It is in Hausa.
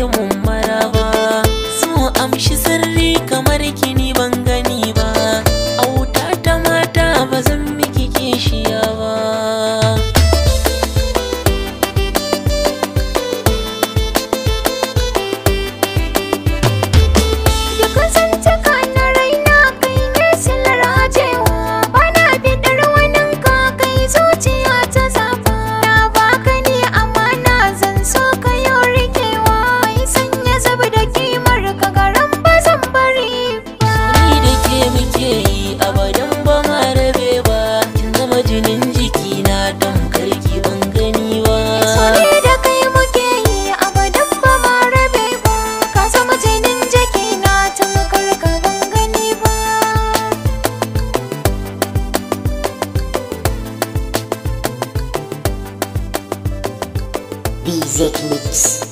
ki mummara ba zo amshi BZ Mix.